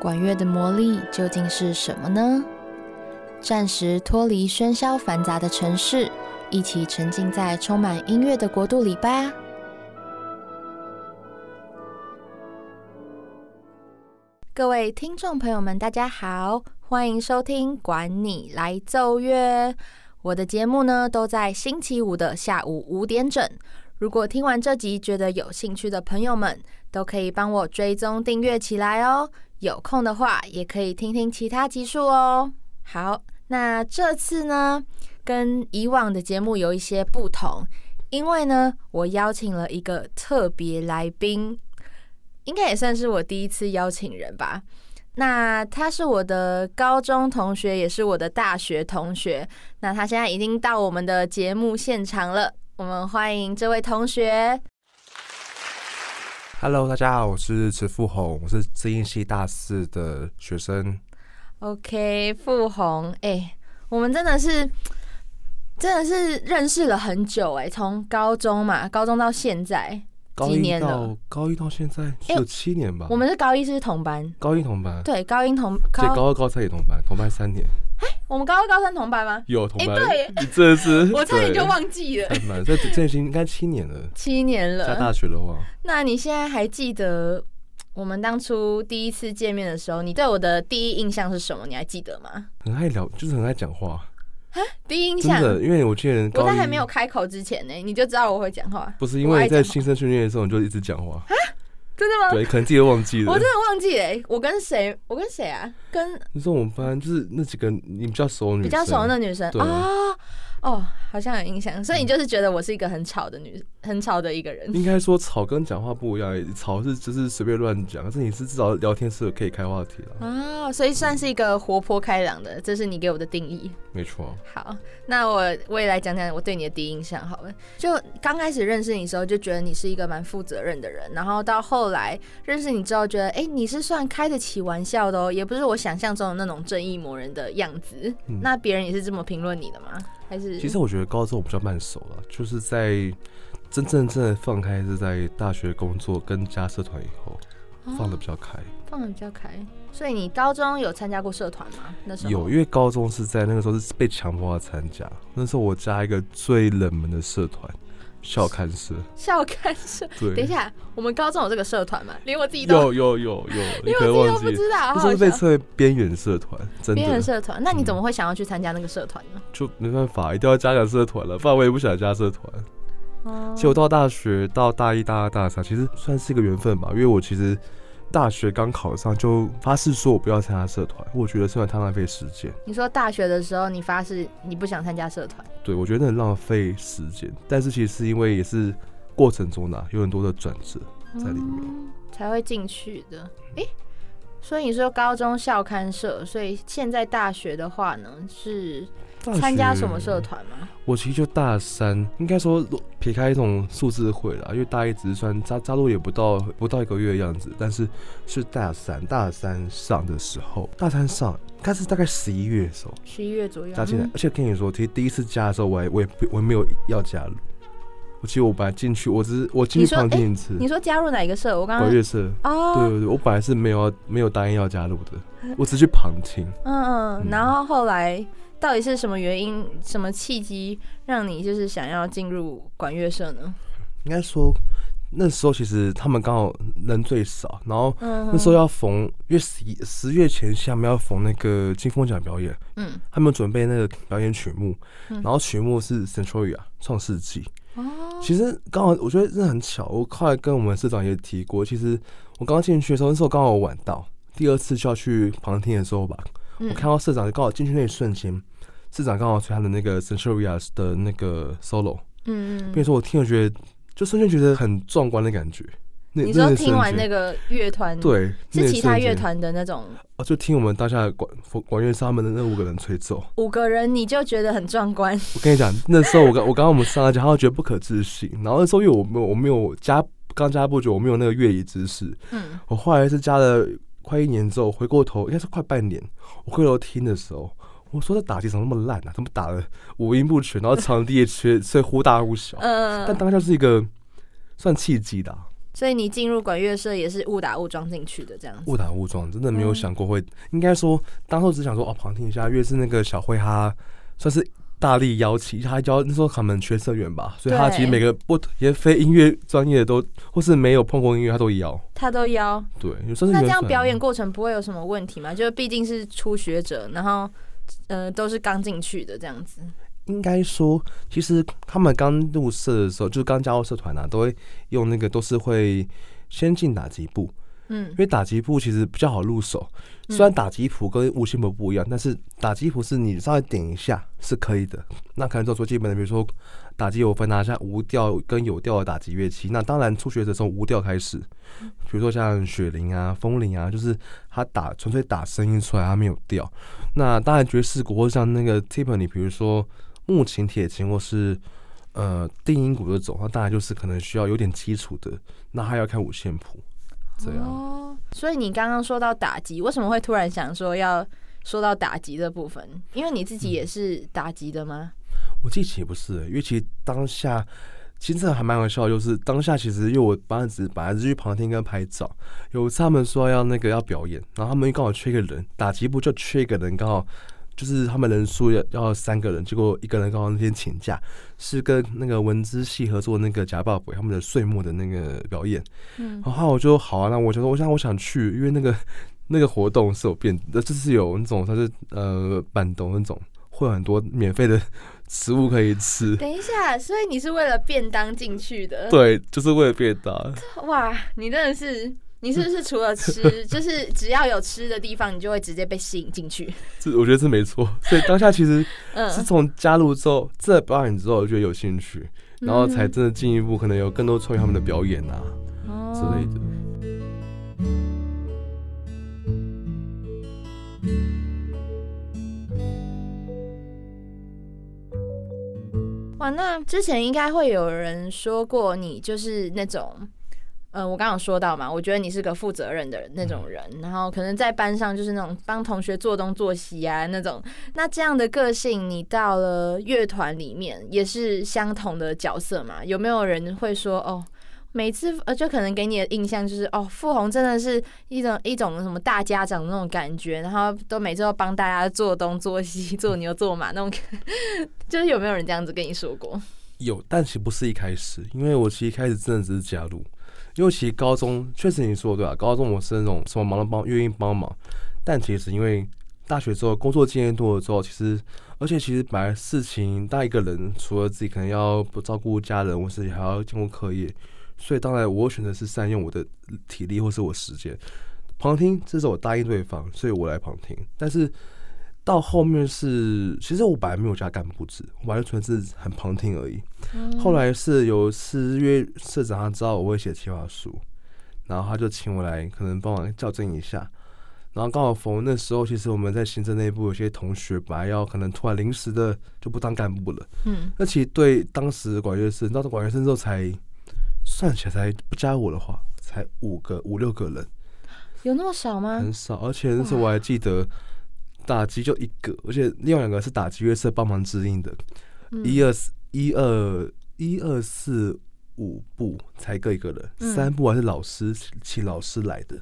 管樂的魔力究竟是什麼呢？暫時脫離喧囂繁雜的城市，一起沉浸在充滿音樂的國度裡吧。各位聽眾朋友們，大家好，歡迎收聽《管你來奏樂》。我的節目呢，都在星期五的下午五點整。如果聽完這集覺得有興趣的朋友們，都可以幫我追蹤訂閱起來哦。有空的話，也可以聽聽其他集數哦。好，那這次呢，跟以往的節目有一些不同，因為呢，我邀請了一個特別來賓，應該也算是我第一次邀請人吧。那他是我的高中同學，也是我的大學同學。那他現在已經到我們的節目現場了，我們歡迎這位同學。Hello，大家好，我是池富鴻，我是資英系大四的學生。OK，富鴻，哎、欸，我們真的是真的是認識了很久哎、欸，從高中嘛，高中到現在。幾年到高一到現在是有七年吧、欸。我們是高一是同班，高一同班。對，高，同高，高一同高高二高三也同班，同班三年。哎、欸，我們高二高三同班嗎？有同班。哎、欸，對，這 是我差點就忘記了。這這已經應該七年了。七年了。在大學的話，那你現在還記得我們當初第一次見面的時候，你對我的第一印象是什麼？你還記得嗎？很愛聊，就是很愛講話。哈第一印象，真的，因為我去年我在還沒有開口之前呢，你就知道我會講話，不是因為你在新生訓練的時候你就一直講話啊。真的嗎？對，可能自己都忘記了。 我真的忘記了，我跟誰？我跟誰啊？跟你說我們班就是那幾個你比較熟的女生，比較熟的那女生對啊。哦，好像有印象，所以你就是覺得我是一個很吵的女，嗯、很吵的一個人。應該說吵跟講話不一樣，吵是就是隨便亂講，可是你是至少聊天是可以開話題了。哦、啊、所以算是一個活潑開朗的，嗯、這是你給我的定義。沒錯、啊。好，那我我也來講講我對你的第一印象好了。就剛開始認識你的時候，就覺得你是一個蠻負責任的人，然後到後來認識你之後，覺得哎、欸，你是算開得起玩笑的哦，也不是我想象中的那種正義魔人的樣子。嗯、那別人也是這麼評論你的嗎？其實我覺得高中我比較慢熟了，就是在真正正的放開是在大學工作跟加社團以後，啊、放得比較開，放得比較開。所以你高中有參加過社團嗎？那時候有，因為高中是在那個時候是被強迫要參加，那時候我加一個最冷門的社團。校刊社，校刊社，對等一下，我們高中有這個社團嗎？連我自己都有有有有，連 我自己都不知道，不是被稱為邊緣社團，真的邊緣社團？那你怎麼會想要去參加那個社團呢、嗯？就沒辦法，一定要加個社團了，不然我也不想加社團。Oh. 其實我到大學，到大一、大二、大三，其實算是一個緣分吧，因為我其實。大學剛考上就發誓說，我不要參加社團。我覺得社團太浪費時間。你說大學的時候，你發誓你不想參加社團，對，我覺得很浪費時間。但是其實是因為也是過程中呢、啊，有很多的轉折在裡面，嗯、才會進去的、欸。所以你說高中校刊社，所以現在大學的話呢是。參加什麼社團嗎？我其實就大三，應該說撇開一種數字會了，因為大一只是算加加入，也不到不到一個月的樣子，但是是大三大三上的時候，大三上應該是大概十一月的時候，十一月左右加進來。嗯、而且跟你說，其實第一次加的時候我，我我也我也沒有要加入。我其實我本來進去，我只是我進去旁聽一次。你說，欸、你說加入哪一個社？我剛管樂社，對對、哦、對，我本來是沒有沒有答應要加入的，我只去旁聽。嗯嗯，嗯然後後來。到底是什麼原因、什麼契機，讓你就是想要進入管樂社呢？應該說，那時候其實他們剛好人最少，然後那時候要逢、嗯、月十一十月前下面要逢那個金風獎表演，嗯，他們準備那個表演曲目，嗯、然後曲目是 Centralia、嗯啊，《創世紀》。哦，其實剛好我覺得真的很巧，我後來跟我們社長也提過，其實我剛進去的時候，那時候剛好晚到，第二次就要去旁聽的時候吧，嗯、我看到社長就剛好進去那一瞬間。社長剛好吹他的那個 c e n t r a i s 的那個 solo，嗯，跟你說我聽了覺得就瞬間覺得很壯觀的感覺。你說聽完那個樂團，對，是其他樂團的那種。哦，就聽我們當下管管樂上面的那五個人吹奏，五個人你就覺得很壯觀。我跟你講，那時候我剛我剛剛我們上來講，然後覺得不可置信。 然後那時候因為我沒有我沒有加，剛加不久，我沒有那個樂理知識。嗯，我後來是加了快一年之後，回過頭應該是快半年，我回頭聽的時候，我說的打擊怎麼那麼爛呢、啊？他們打了五音不全，然後場地也缺，所以忽大忽小。呃、但當下是一個算契機的、啊，所以你進入管樂社也是誤打誤撞進去的，這樣誤打誤撞真的沒有想過會，嗯、應該說當時我只想說哦旁聽一下。因為是那個小輝他算是大力邀請，他邀那時候他們缺社員吧，所以他其實每個不對也非音樂專業的都或是沒有碰過音樂，他都邀，他都邀，對。那這樣表演過程不會有什麼問題嗎？就畢竟是初學者，然後。呃，都是剛進去的這樣子。應該說，其實他們剛入社的時候，就剛加入社團啊，都會用那個，都是會先進哪幾步。嗯，因為打擊譜其實比較好入手，雖然打擊譜跟五線譜不一樣，但是打擊譜是你稍微點一下是可以的。那可能做出基本的，比如說打擊有分那、啊、像無調跟有調的打擊樂器。那當然，初學者從無調開始，比如說像雪鈴啊、風鈴啊，就是他打純粹打聲音出來，他沒有調。那當然，爵士鼓或像那個 TIP，你比如說木琴、鐵琴或是呃定音鼓這種，那當然就是可能需要有點基礎的，那還要看五線譜。哦，所以你剛剛說到打擊，為什麼會突然想說要說到打擊的部分？因為你自己也是打擊的嗎？嗯，我自己也不是、欸，因為其實當下，其實還蠻搞笑，就是當下其實因為我班子本來是去旁聽跟拍照，有他們說要那個要表演，然後他們剛好缺一個人，打擊部就缺一個人剛好，就是他們人數要要三個人，結果一個人剛好那天請假，是跟那個文資系合作那個假報鬼他們的歲末的那個表演，然後、嗯、我就好啊，那我就說我想我想去，因為那個那個活動是有便，就是有那種它是呃板東那種會有很多免費的食物可以吃。等一下，所以你是為了便當進去的？對，就是為了便當。哇，你真的是。你是不是除了吃， 就是只要有吃的地方，你就會直接被吸引進去？這我覺得是沒錯。所以當下其實是從加入之後，這、 嗯、表演之後我覺得有興趣，然後才真的進一步可能有更多參與他們的表演啊、嗯、之類的、哦。哇，那之前應該會有人說過，你就是那種。呃，我剛有說到嘛，我覺得你是個負責任的那種人，嗯、然後可能在班上就是那種幫同學做東做西啊那種。那這樣的個性，你到了樂團裡面也是相同的角色嘛？有沒有人會說哦，每次呃，就可能給你的印象就是哦，富鴻真的是一種一種什麼大家長的那種感覺，然後都每次都幫大家做東做西、做牛做馬那種， 就是有沒有人這樣子跟你說過？有，但其實不是一開始，因為我其實一開始真的只是加入。尤其高中，確實你說對啊，高中我是那種什麼忙都幫，願意幫忙。但其實因為大學之後工作經驗多了之後，其實而且其實本來事情大一個人，除了自己可能要不照顧家人，我自己還要兼顧課業，所以當然我選擇是善用我的體力或是我時間。旁聽，這是我答應對方，所以我來旁聽。但是。到後面是，其實我本來沒有加幹部職，我完全純是很旁聽而已。嗯、後來是有次，因為社長他知道我會寫企劃書，然後他就請我來，可能幫我校正一下。然後剛好逢那時候，其實我們在行政內部有些同學本來要可能突然臨時的就不當幹部了。嗯。那其實對當時管樂生，當管樂生之後才算起來才不加我的話，才五個五六個人。有那麼少嗎？很少，而且那時候我還記得。打擊就一個，而且另外兩個是打擊樂社幫忙指引的。嗯、一二一二一二四五部才各一個的，嗯、三部還是老師請老師來的。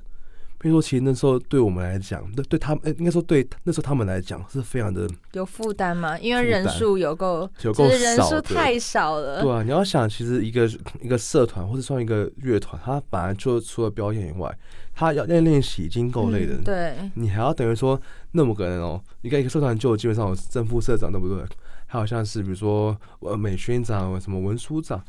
比如說，其實那時候對我們來講，那對,對他們，應該說對那時候他們來講，是非常的有負擔嘛？因為人數有夠，有夠少，人數太少了對。對啊，你要想，其實一個一個社團或者算一個樂團，它本來就除了表演以外，它要練練習已經夠累的、嗯、對，你還要等於說那麼個人哦、喔，你看一個社團就基本上有正副社長，對不對？還有像是比如說呃，美宣長、什麼文書長。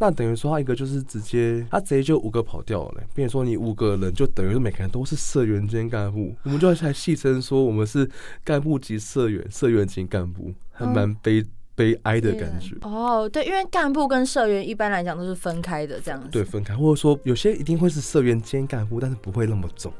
那等於說他一個就是直接他直接就五個跑掉了。變成說你五個人就等於每個人都是社員兼幹部，我們就還戲稱說我們是幹部級社員，社員兼幹部，還蠻悲悲哀的感覺。嗯嗯、哦，對，因為幹部跟社員一般來講都是分開的這樣子。對，分開，或者說有些一定會是社員兼幹部，但是不會那麼重，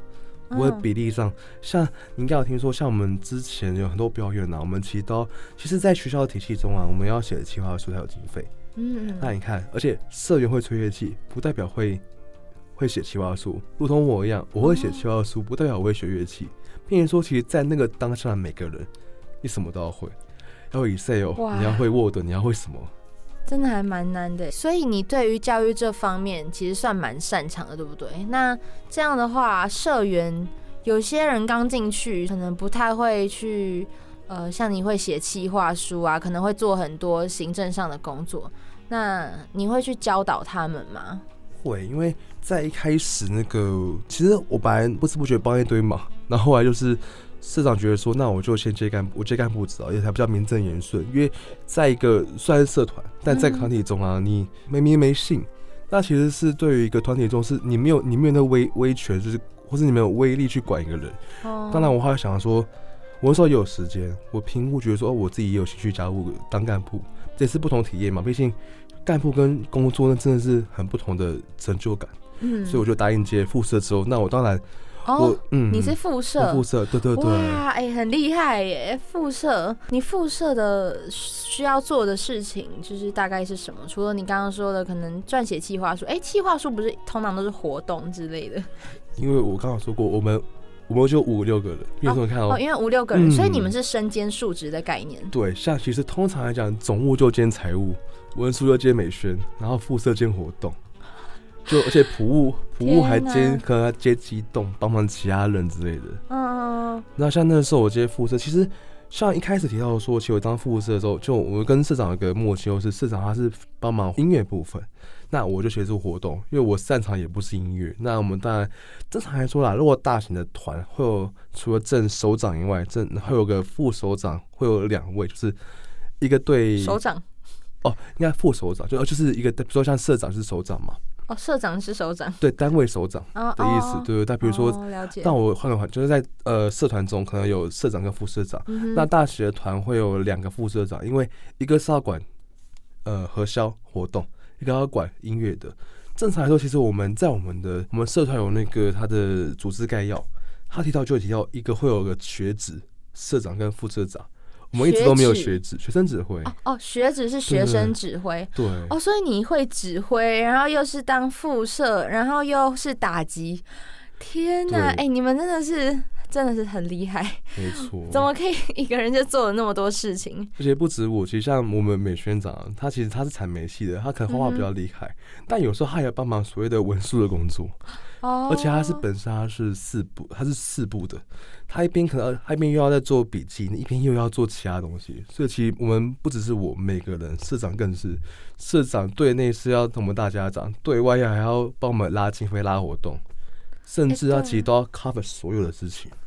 不會比例上。嗯、像你應該有聽說，像我們之前有很多表演啊，我們其實都其實在學校的體系中啊，我們要寫企劃書才有經費。嗯,嗯，那你看，而且社員會吹樂器，不代表會會寫企劃書。如同我一樣，我會寫企劃書，不代表我會學樂器。嗯嗯並且說，其實，在那個當下的每個人，你什麼都要會，要會 Excel 哇 你要會 Word，你要會什麼，真的還蠻難的。所以你對於教育這方面，其實算蠻擅長的，對不對？那這樣的話，社員有些人剛進去，可能不太會去。呃，像你會寫企劃書啊，可能會做很多行政上的工作。那你會去教導他們嗎？會，因為在一開始那個，其實我本來不知不覺幫一堆忙，那後，後來就是社長覺得說，那我就先接幹，我接幹部知道也才比較名正言順。因為在一個算是社團，但在團體中啊，嗯、你明明沒名沒姓，那其實是對於一個團體中是你沒有，你沒有你沒有那個威威權，就是或是你沒有威力去管一個人。哦，當然我還來想說。我那時候也有時間，我評估覺得說，我自己也有興趣加入當幹部，這也是不同體驗嘛。畢竟，幹部跟工作那真的是很不同的成就感。嗯，所以我就答應接副社之後，那我當然，哦、嗯，你是副社，副社對對對，哎、欸，很厲害耶！副社，你副社的需要做的事情就是大概是什麼？除了你剛剛說的，可能撰寫計劃書，哎、欸，計劃書不是通常都是活動之類的？因為我剛好說過我們。我們就五六個人，因有什麼看到哦,哦？因為五六個人，嗯、所以你們是身兼數職的概念。對，像其實通常來講，總務就兼財務，文書就兼美宣，然後副社兼活動，就而且服務服務還兼、啊、可能還兼機動，幫忙其他人之類的。嗯，那像那時候我接副社，其實像一開始提到說，其實我當副社的時候，就我們跟社長有一個默契，就是社長他是幫忙音樂部分。那我就協助活動，因為我擅長也不是音樂。那我們當然正常來說啦，如果大型的團會有，除了正首長以外，正會有個副首長，會有兩位，就是一個對首長，哦，應該副首長就就是一個，比如說像社長是首長嘛。哦，社長是首長，對單位首長的意思，哦、對。不、哦、對？但比如說，但、哦、我換個話，就是在呃社團中可能有社長跟副社長，嗯、哼那大型的團會有兩個副社長，因為一個是要管呃核銷活動。一個要管音樂的，正常來說，其實我們在我們的我們社團有那個他的組織概要，他提到就提到一個會有個學指社長跟副社長，我們一直都沒有學指，學指，學生指揮哦哦，學指是學生指揮對，對哦，所以你會指揮，然後又是當副社，然後又是打擊，天哪，啊，哎，對，欸，你們真的是。真的是很厲害，沒錯錯。怎麼可以一個人就做了那麼多事情？而且不止我，其實像我們美宣長，他其實他是傳媒系的，他可能畫畫比較厲害，嗯、哼但有時候他還要幫忙所謂的文書的工作。哦、嗯。而且他是本身他是四部，哦、他是四部的，他一邊可能他一邊又要在做筆記，一邊又要做其他東西。所以其實我們不只是我每個人，社長更是。社長對內是要跟我們大家長，對外要還要幫我們拉經費、拉活動，甚至他其實都要 cover 所有的事情。欸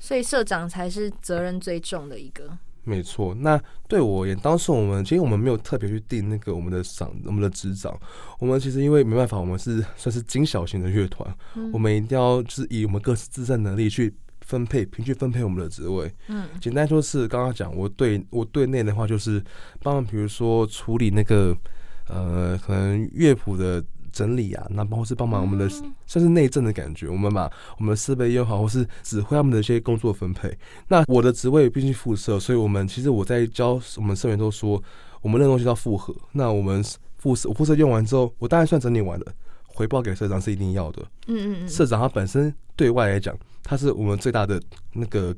所以社長才是責任最重的一個，沒錯。那對我而言，當時我們其實我們沒有特別去定那個我們的長我們的職掌。我們其實因為沒辦法，我們是算是精小型的樂團，嗯、我們一定要就是以我們各自自身能力去分配，平均分配我們的職位。嗯，簡單說是剛剛講，我對我對內的話就是幫忙比如說處理那個呃，可能樂譜的。整理啊，那包括是幫忙我們的、嗯、算是內政的感覺，我們把我們的設備用好，或是指揮他們的一些工作分配。那我的職位必須副社，所以我們其實我在教我們社員都說，我們那個東西叫複荷。那我們輻射，我輻射用完之後，我當然算整理完了，回報給社長是一定要的。嗯嗯，社長他本身對外來講，他是我們最大的那個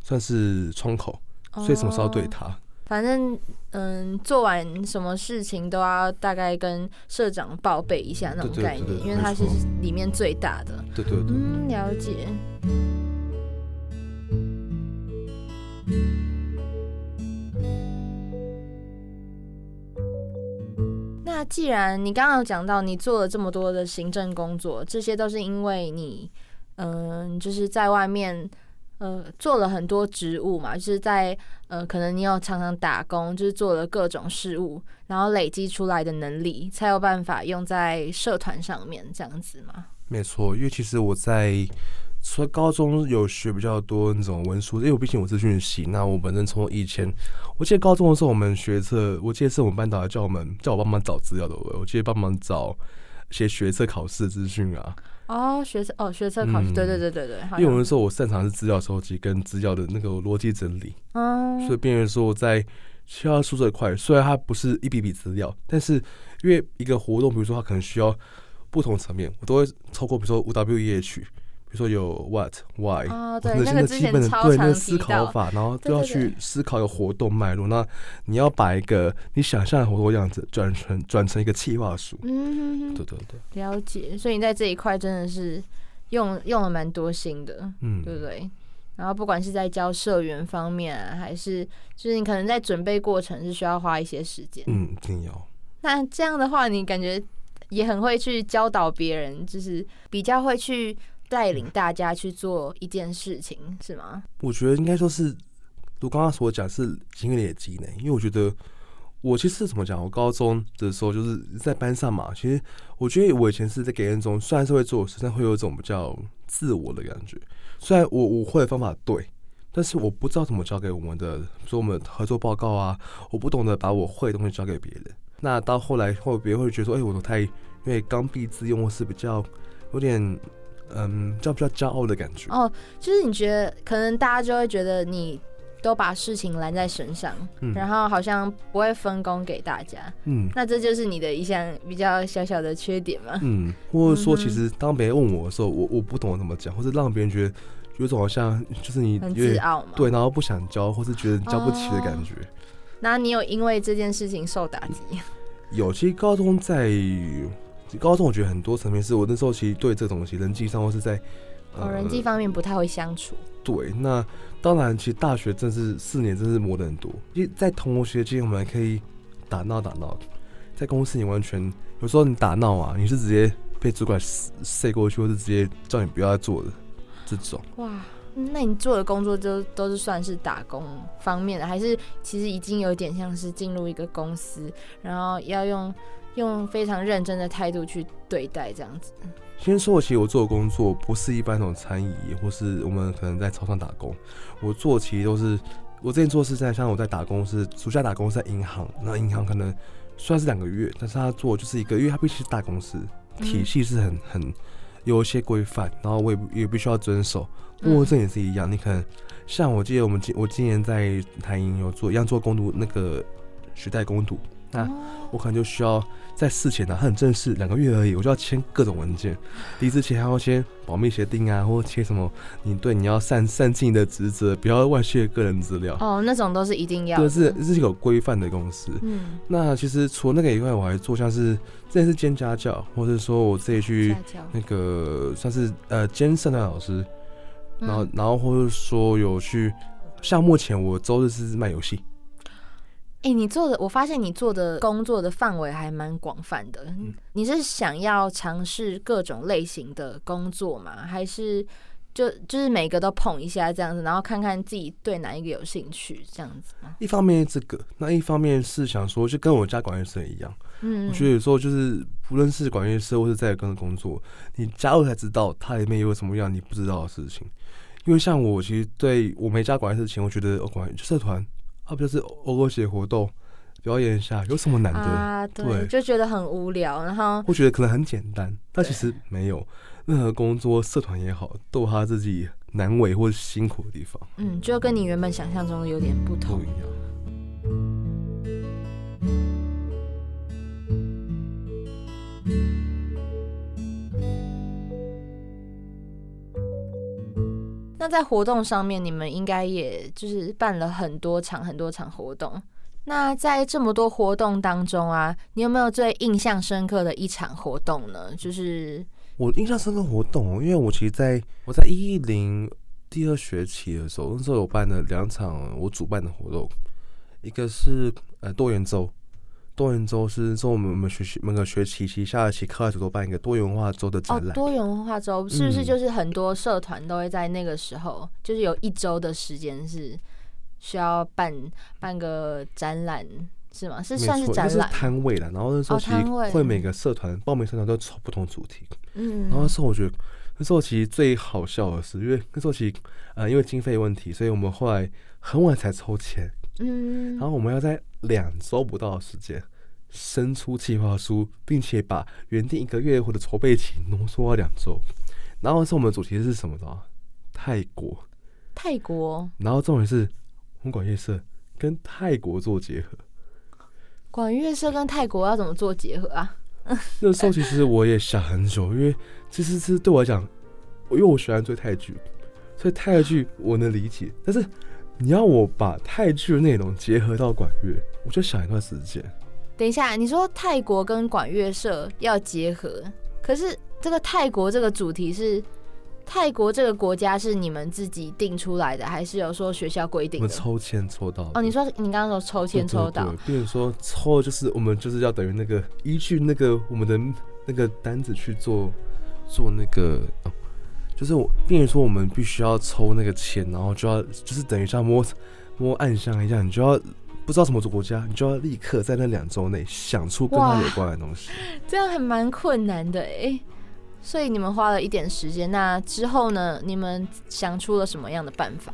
算是窗口，所以什麼時候對他？嗯反正，嗯，做完什麼事情都要大概跟社長報備一下那種概念，對對對對，因為他是裡面最大的。對對對。嗯，了解。對對對，那既然你剛剛有講到，你做了這麼多的行政工作，這些都是因為你，嗯，就是在外面。呃，做了很多職務嘛，就是在呃，可能你要常常打工，就是做了各種事務，然後累積出來的能力，才有辦法用在社團上面這樣子嘛。沒錯，因為其實我在從高中有學比較多那種文書，因為畢竟我是訊息，那我本身從以前，我記得高中的時候我們學測，我記得是我們班導要叫我們叫我幫忙找資料的，我記得幫忙找一些學測考試資訊啊。Oh, 哦，學測哦，學測考試，對對對對對。因為我們說我擅長的是資料收集，跟資料的那個邏輯整理，嗯、所以變成說我在需要數字這塊，雖然它不是一筆筆資料，但是因為一個活動，比如說它可能需要不同層面，我都會超過，比如說五 W 一 H 去。說有 what why 哦，對那個之前超常提到對，那個、思考法，然後都要去思考有活動脈絡。對對對，那你要把一個你想象的活動樣子轉成轉成一個企劃書，嗯哼哼，對對對，了解。所以你在這一塊真的是用用了蠻多心的，嗯，對不對？然後不管是在教社員方面，啊，還是就是你可能在準備過程是需要花一些時間，嗯，肯定有。那這樣的話，你感覺也很會去教導別人，就是比較會去。帶領大家去做一件事情是嗎？我覺得應該說是，如剛剛所講是經驗累積呢。因為我覺得我其實怎麼講，我高中的時候就是在班上嘛。其實我覺得我以前是在給人一種，雖然是會做，但是會有一種比較自我的感覺。雖然我我會的方法對，但是我不知道怎麼教給我們的，比如說我們合作報告啊，我不懂得把我會的東西教給別人。那到後來，後別人會覺得說：“哎、欸，我都太因為剛愎自用，我是比較有點。”嗯，叫比較驕傲的感覺。哦，就是你覺得可能大家就會覺得你都把事情攬在身上，嗯，然後好像不會分工給大家。嗯，那這就是你的一項比較小小的缺點嘛。嗯，或者說，其實當別人問我的時候，嗯、哼我我不懂怎麼講，或是讓別人覺得有種好像就是你很自傲嘛。對，然後不想教或是覺得教不起的感覺，哦。那你有因為這件事情受打擊？有，其實高中在。高中我覺得很多層面是我那時候其實對這東西人際上或是在，哦、呃、人際方面不太會相處。對，那當然，其實大學正是四年真是磨得很多。因為在同學間，我們還可以打鬧打鬧；在公司，你完全有時候你打鬧啊，你是直接被主管睡過去，或是直接叫你不要再做了這種。哇，那你做的工作就都，都是算是打工方面的，還是其實已經有點像是進入一個公司，然後要用。用非常認真的態度去對待這樣子。先說，我其實我做的工作不是一般那種餐飲，或是我們可能在操場打工。我做的其實都是我之前做是在像我在打工是暑假打工是在銀行，那銀行可能算是兩個月，但是他做就是一個，因為他畢竟是大公司，體系是很很有一些規範，然後我也也必須要遵守。不過這也是一樣，嗯、你可能像我記得我們我今年在台銀有做，一樣做工讀那個時代工讀，那我可能就需要。在事前的、啊，他很正式，兩個月而已，我就要簽各種文件，離職前還要簽保密協定啊，或簽什麼？你對你要善善盡你的職責，不要外泄個人資料。哦，那種都是一定要。對，是這是一個規範的公司。嗯，那其實除了那個以外，我還做像是，之前是兼家教，或者是說我自己去那個算是呃兼聖誕老師，然後、嗯、然後或者說有去，像目前我周日是賣遊戲。哎，欸、你做的，我發現你做的工作的範圍還蠻廣泛的。你是想要嘗試各種類型的工作嗎？還是就就是每個都碰一下這樣子，然後看看自己對哪一個有興趣這樣子嗎？一方面這個，那一方面是想說，就跟我加管樂社一樣，嗯，我覺得有時候就是不論是管樂社，或是在跟工作，你加入才知道它裡面有什麼樣你不知道的事情。因為像我其實對我沒加管樂社前，我覺得管樂社團。他不、啊、就是偶爾寫活動表演一下，有什麼難的、啊？對，對就覺得很無聊。然後我覺得可能很簡單，但其實沒有對任何工作、社團也好，逗他自己難為或是辛苦的地方。嗯，就跟你原本想象中的有點不同。嗯，不一樣。那在活動上面，你們應該也就是辦了很多場很多場活動。那在這麼多活動當中啊，你有沒有最印象深刻的一場活動呢？就是我印象深刻的活動，因為我其實在我在110第二學期的時候，那時候有辦了兩場我主辦的活動，一個是呃多元周。多元周是說我們我們學習，那個學期下期下學期課外組都辦一個多元化周的展覽、哦。多元化周是不是就是很多社團都會在那個時候，嗯、就是有一周的時間是需要辦辦個展覽是嗎？是算是展覽攤位了。然後那時候其實會每個社團報名社團都抽不同主題，嗯、哦。然後那時候我覺得那時候其實最好笑的是，因為那時候其實呃因為經費問題，所以我們後來很晚才抽籤。嗯，然後我們要在兩週不到的時間生出計劃書，並且把原定一個月或者籌備期濃縮到兩週。然後，是我們的主題是什麼的、啊？泰國，泰國。然後重點是我們管樂社跟泰國做結合。管樂社跟泰國要怎麼做結合啊？ 那時候其實我也想很久，因為其實是對我來講，因為我喜歡追泰劇，所以泰劇我能理解， 但是。你要我把泰劇的內容結合到管樂，我就想一段時間。等一下，你說泰國跟管樂社要結合，可是這個泰國這個主題是泰國這個國家是你們自己定出來的，還是有說學校規定的？我們抽籤抽到哦。你說你剛剛說抽籤抽到，並說抽就是我們就是要等於那個依據那個我們的那個單子去做做那個。啊就是我，譬如說我們必須要抽那個簽，然後就要就是等於要摸摸暗箱一樣，你就要不知道什麼國家，你就要立刻在那兩週內想出跟他有關的東西。這樣還蠻困難的哎，所以你們花了一點時間。那之後呢？你們想出了什麼樣的辦法？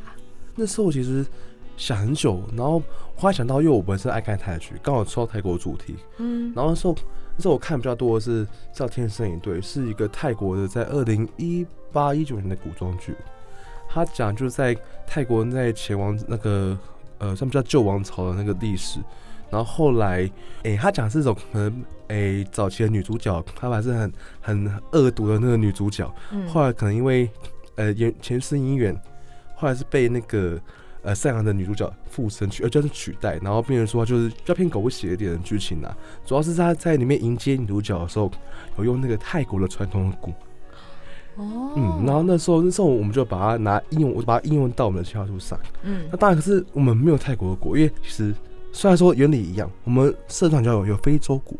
那時候我其實想很久，然後我還想到，因為我本身愛看泰劇，剛好抽到泰國主題，嗯，然後那時候那時候我看比較多的是叫《天生一對》，是一個泰國的，在二零一。八一九年的古裝劇，他講就是在泰國在前王那個呃，算不叫舊王朝的那個歷史，然後後來哎，他、欸、講是一種可能哎、欸、早期的女主角，她還是很很惡毒的那個女主角，嗯、後來可能因為呃前世姻緣，後來是被那個呃善良的女主角附身去，呃就是取代，然後變成說就是照片狗血一點的劇情啊，主要是他在裡面迎接女主角的時候有用那個泰國的傳統鼓。哦，嗯，然後那時候那時候我們就把它拿應用，我就把它應用到我們的教書上。嗯，那當然可是我們沒有泰國的國，因為其實雖然說原理一樣，我們社團叫有有非洲鼓，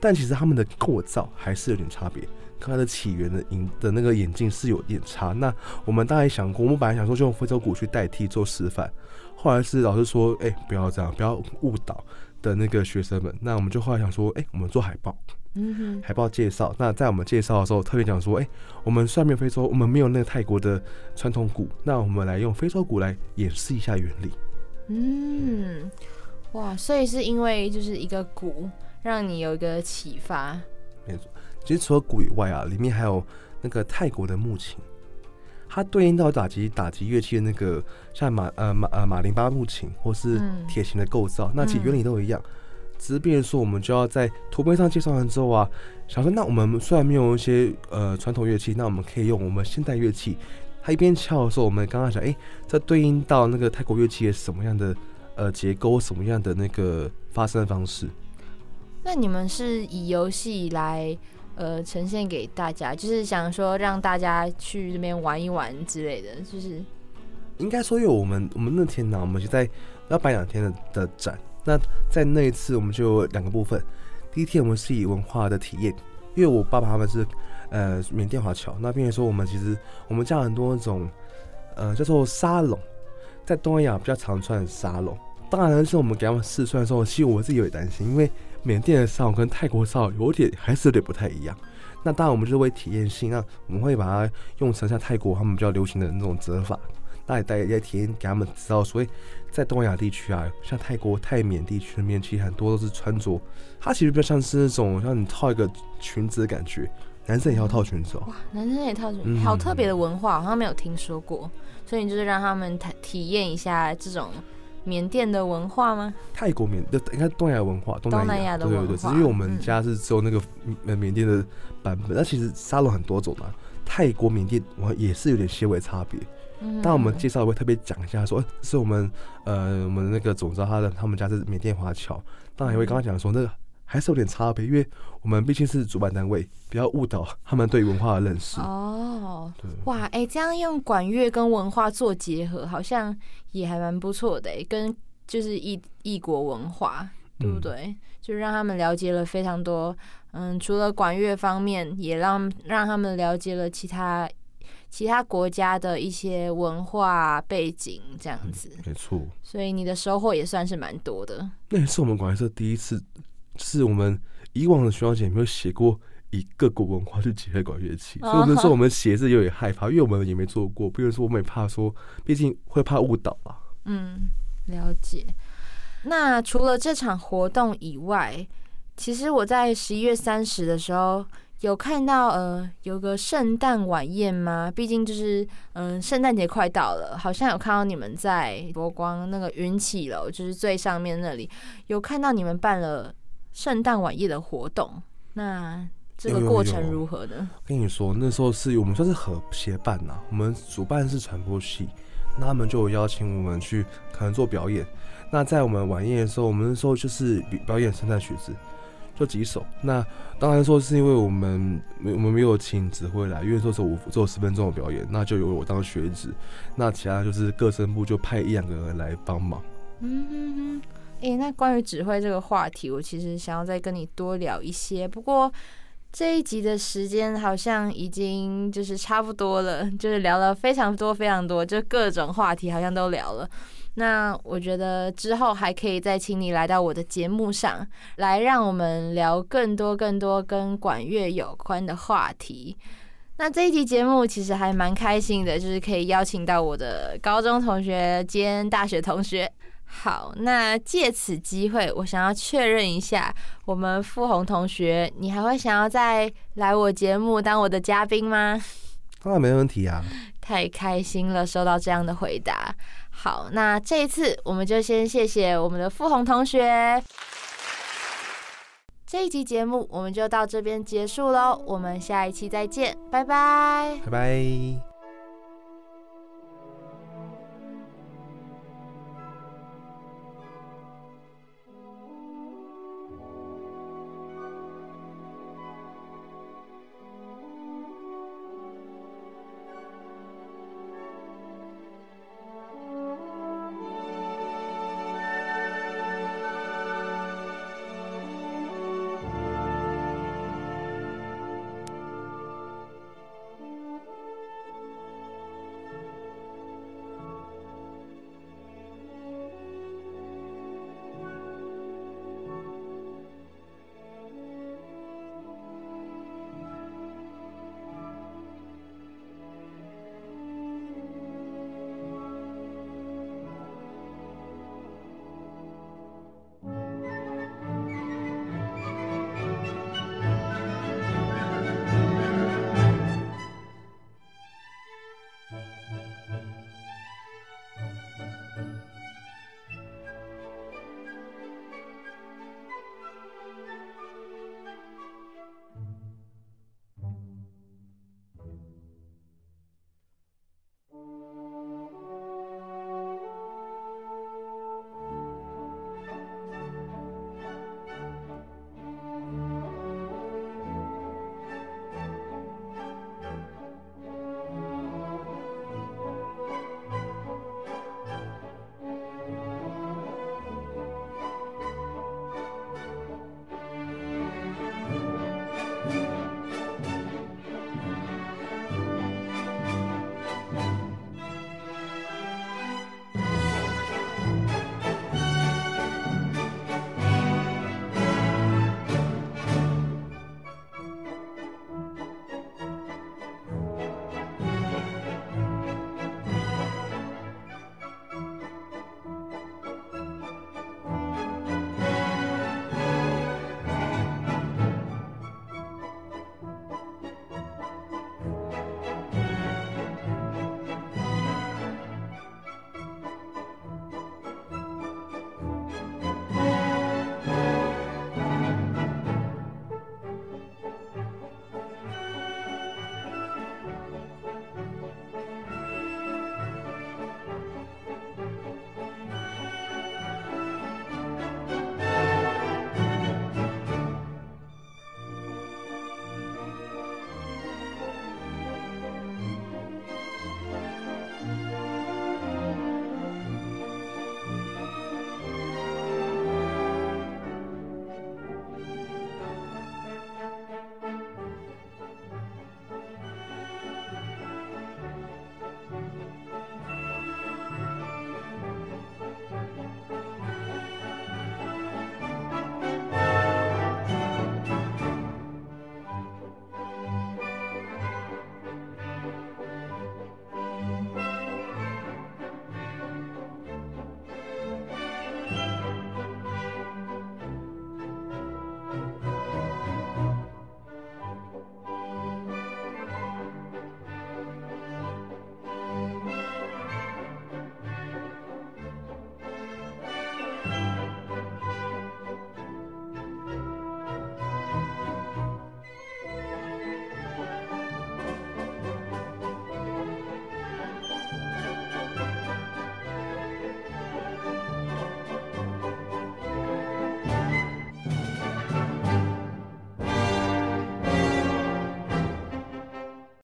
但其實他們的構造還是有點差別，跟它的起源的眼的那個眼鏡是有點差。那我們當然想過，我們本來想說就用非洲鼓去代替做示範，後來是老師說，哎、欸，不要這樣，不要誤導。的那個學生們，那我們就後來想說，哎、欸，我們做海報，嗯、哼海報介紹。那在我們介紹的時候，特別講說，哎、欸，我們雖然沒有非洲，我們沒有那個泰國的傳統鼓，那我們來用非洲鼓來演示，一下原理。嗯，哇，所以是因為就是一個鼓，讓你有一個啟發。沒錯，其實除了鼓以外啊，裡面還有那個泰國的木琴。它對應到打擊打擊樂器的那個，像馬呃馬呃馬林巴木琴或是鐵琴的構造，嗯、那其實原理都一樣，只是比如說我們就要在圖片上介紹完之後啊，想說那我們雖然沒有一些呃傳統樂器，那我們可以用我們現代樂器，它一邊敲的時候，我們剛剛想哎、欸，這對應到那個泰國樂器的什麼樣的呃結構，什麼樣的那個發聲方式？那你們是以遊戲來？呃，呈現給大家，就是想說讓大家去這邊玩一玩之類的，就是應該說有我們，我們那天呢、啊，我們就在要擺兩天的的展。那在那一次，我們就兩個部分。第一天我們是以文化的體驗，因為我爸爸他們是呃緬甸華僑，那邊也說我們其實我們家很多種呃叫做沙龍，在東南亞比較常穿的沙龍。當然，是我們給他們試穿的時候，其實我自己有點擔心，因為。緬甸的少跟泰國少有點還是有點不太一樣。那當然，我們就是為體驗性，啊，那我們會把它用成像泰國他們比較流行的那種折法。那也帶也體驗給他們知道，所以在東亞地區啊，像泰國、泰緬地區的面，其實很多都是穿着，它其實比較像是那種像你套一個裙子的感覺。男生也要套裙子。哦嗯？哇，男生也套裙子，嗯，好特別的文化，好像沒有聽說過。所以你就是讓他們體體驗一下這種。緬甸的文化嗎？泰國、緬，應該東南亞文化，東南亞的文化，對對對，只是因為我們家是只有那個呃緬甸的版本。那、嗯、其實沙龍很多種的、啊，泰國、緬甸我也是有點些微，微差別。嗯、但我們介紹會特別講一下說，說是我們呃我們那個總召他的他們家是緬甸華僑，當然也會剛剛講說那個。還是有點差別，因為我們畢竟是主辦單位，不要誤導他們對文化的認識哦。Oh, 對哇，哎、欸，這樣用管樂跟文化做結合，好像也還蠻不錯的、欸。哎，跟就是異異國文化，對不對？嗯、就讓他們了解了非常多。嗯，除了管樂方面，也讓讓他們了解了其他其他國家的一些文化背景，這樣子、嗯、沒錯。所以你的收穫也算是蠻多的。那也是我們管樂社第一次，就是我們以往的學校，姐有沒有寫過以各國文化去結合管樂器？oh, 所以那時候我們寫字有點害怕，因為我們也沒做過。比如說我們也怕說，畢竟會怕誤導吧、啊。嗯，了解。那除了這場活動以外，其實我在十一月三十的時候有看到，呃，有個聖誕晚宴嗎？畢竟就是嗯，聖誕節快到了，好像有看到你們在佛光那個雲起樓，就是最上面那裡有看到你們辦了。聖誕晚宴的活動，那這個過程如何呢？嗯嗯嗯嗯。跟你說，那時候是我們算是和協辦吶，我們主辦是傳播系，那他們就有邀請我們去可能做表演。那在我們晚宴的時候，我們那時候就是表演聖誕曲子，就幾首。那當然說是因為我們沒，我們沒有請指揮來，因為說是我做十分鐘的表演，那就由我當學子，那其他就是各聲部就派一兩個人來幫忙。嗯，嗯，嗯誒、欸，那關於指揮這個話題，我其實想要再跟你多聊一些。不過這一集的時間好像已經就是差不多了，就是聊了非常多非常多，就各種話題好像都聊了。那我覺得之後還可以再請你來到我的節目上來，讓我們聊更多更多跟管樂有關的話題。那這一集節目其實還蠻開心的，就是可以邀請到我的高中同學兼大學同學。好，那借此機會，我想要確認一下，我們富鴻同學，你還會想要再來我節目當我的嘉賓嗎？當然沒問題啊！太開心了，收到這樣的回答。好，那這一次我們就先謝謝我們的富鴻同學。 這一集節目我們就到這邊結束嘍，我們下一期再見，拜拜，拜拜。